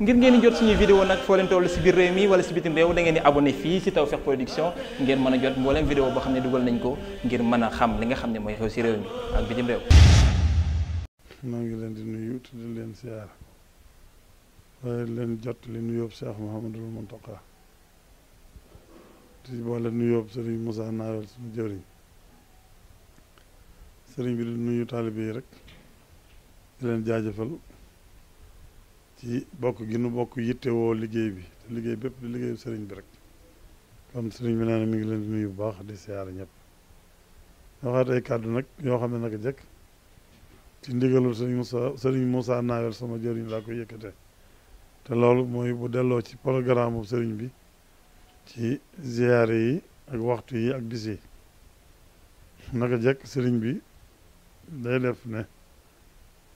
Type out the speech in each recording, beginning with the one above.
ngir ngeen di jot suñuy vidéo nag foo leen toll si biir réew mi wala si bitim réew da ngeen di abonné fii si Tawfekh Production ngeen mën a jot mbooleem vidéo boo xam ne dugal nañ ko ngir mën a xam li nga xam ne mooy xew si réew mi ak bitim réew maa leen di nuyu te di leen siyaar waaye leen jot li nuyoob Cheikh Mouhamadul Mountakha di boole nuyoob Serigne Moussa Nawel bi di nuyu taalibe yi rek leen jaajëfal ci bokk gi nu bokk yittewoo liggéey bi te liggéey bépp di liggéeyu sëriñ bi rek kon sëriñ bi naa ne mi ngi leen di bu baax di siyaare ñëpp kàddu nag yoo xam ne naka jekk ci ndigalul sëriñ Moussa sëriñ Moussa naawel sama jëriñ laa koy yëkkate te loolu mooy bu delloo ci programme bu sëriñ bi ci ziyaare yi ak waxtu yi ak bis yi naka jekk sëriñ bi day def ne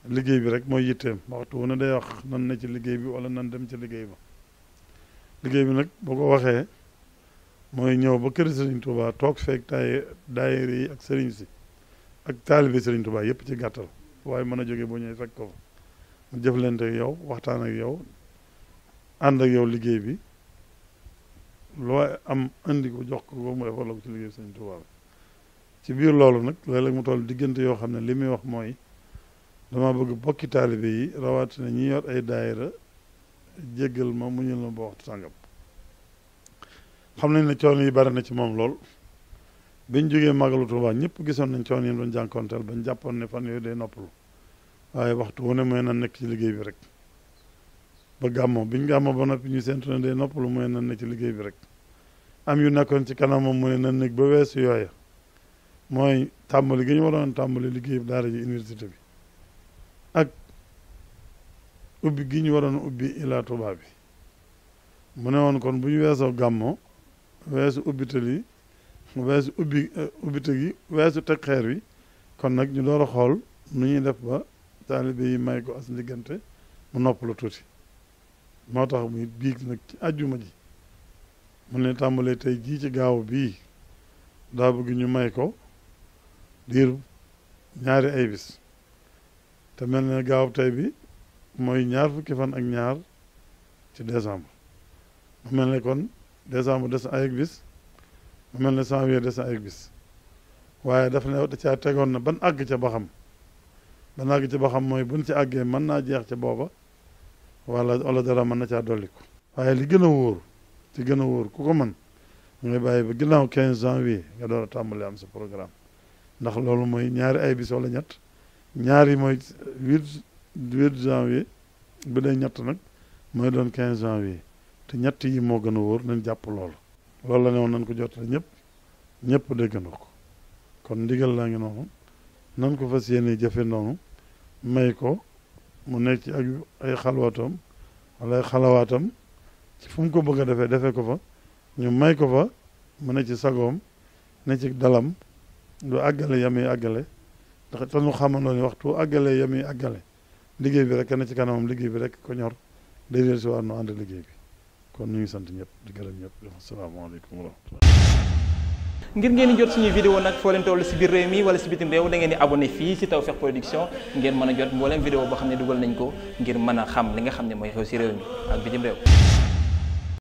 liggéey bi rek mooy yitteem waxtu wu ne day wax nan na ci liggéey bi wala nan dem ci liggéey ba liggéey bi nag boo ko waxee mooy ñëw ba kër Serigne Touba toog feeg taay daayira yi ak Serigne si ak taalibe Serigne Touba yëpp ci gàttal waaye mën a jóge boo ñëwee fekk ko fa mu jëflante ak yow waxtaan ak yow ànd ak yow liggéey bi loo am andi ko jox ko ko mu defal ci liggéey Serigne Touba ci biir loolu nag léeg-léeg mu toll diggante yoo xam ne li muy wax mooy. dama bëgg bokki taalibe yi na ñi yor ay daayira jéggal ma mu ñul ma ba waxtu sàngam xam nañ ne coono yi bari na ci moom lool biñ jógee magalu Tuuba ñëpp gisoon nañ coono yi doon jànkonteel bañ jàppoon ne fan yooyu day noppalu waaye waxtu wu ne mooy na nekk ci liggéey bi rek ba gàmmo biñ gàmmo ba noppi ñu seentu ne day noppalu mooy nan ne ci liggéey bi rek am yu nekkoon ci kanamam mu ne nan nekk ba weesu yooya mooy tàmbali gi ñu waroon tàmbali liggéey bi daara ji université bi ak ubbi gi ñu waroon ubbi ilaa Tuubaa bi mu ne woon kon bu ñu weesoo gàmmo weesu ubbital yi weesu ubbi eh, ubbite gi weesu teg xeer wi kon nag ñu door a xool nu ñuy def ba taalibe yi may ko as ndiggante mu noppalu tuuti moo tax muy biig nag ci àjjuma ji mu ne tàmbalee tey jii ci gaaw bii daa bëgg ñu may ko diiru ñaari ay bis te mel na gaaw tey bi mooy ñaar fukki fan ak ñaar ci décembre mu mel ne kon décembre des na ay bis mu mel ne janvier des na ay bis waaye daf ne da ca tegoon na ban àgg ca ba xam ban àgg ca ba xam mooy buñ ci àggee mën naa jeex ca booba wala wala dara mën na caa dolliku waaye li gën a wóor ci gën a wóor ku ko mën ngay bàyyi ba ginnaaw 15 janvier nga doon a tàmbali am sa programme ndax loolu mooy ñaari ay bis wala ñett ñaar yi mooy huit huit janvier bu dee ñett nag mooy doon quinze janvier te ñett yi moo gën a wóor nañ jàpp loolu loolu la ne woon nañ ko jotale ñëpp ñëpp déggandoo ko kon ndigal laa ngi noonu nañ ko fas yéene jëfe noonu may ko mu nekk ci ak ay xalwatoom wala ay xalawaatam ci fu ko bëgg a defee defee ko fa ñu may ko fa mu ne ci sagoom ne ci dalam lu àggale yamee àggale ndax tan mu xamandoo ni waxtu àggale ya muy àggale liggéey bi rek kenn ci kanamam liggéey bi rek ko ñor day réer si waat nu ànd liggéey bi kon ñu ngi sant ñëpp di gërëm ñëpp asalaamaaleykum wa rahmatulah ngir ngeen di jot suñuy vidéo nag foo leen toll si biir réew mi wala si bitim réew da ngeen di abonné fii si Tawfekh Production ngeen mën a jot mbooleem vidéo boo xam ne dugal nañ ko ngir mën a xam li nga xam ne mooy xew si réew mi ak bitim réew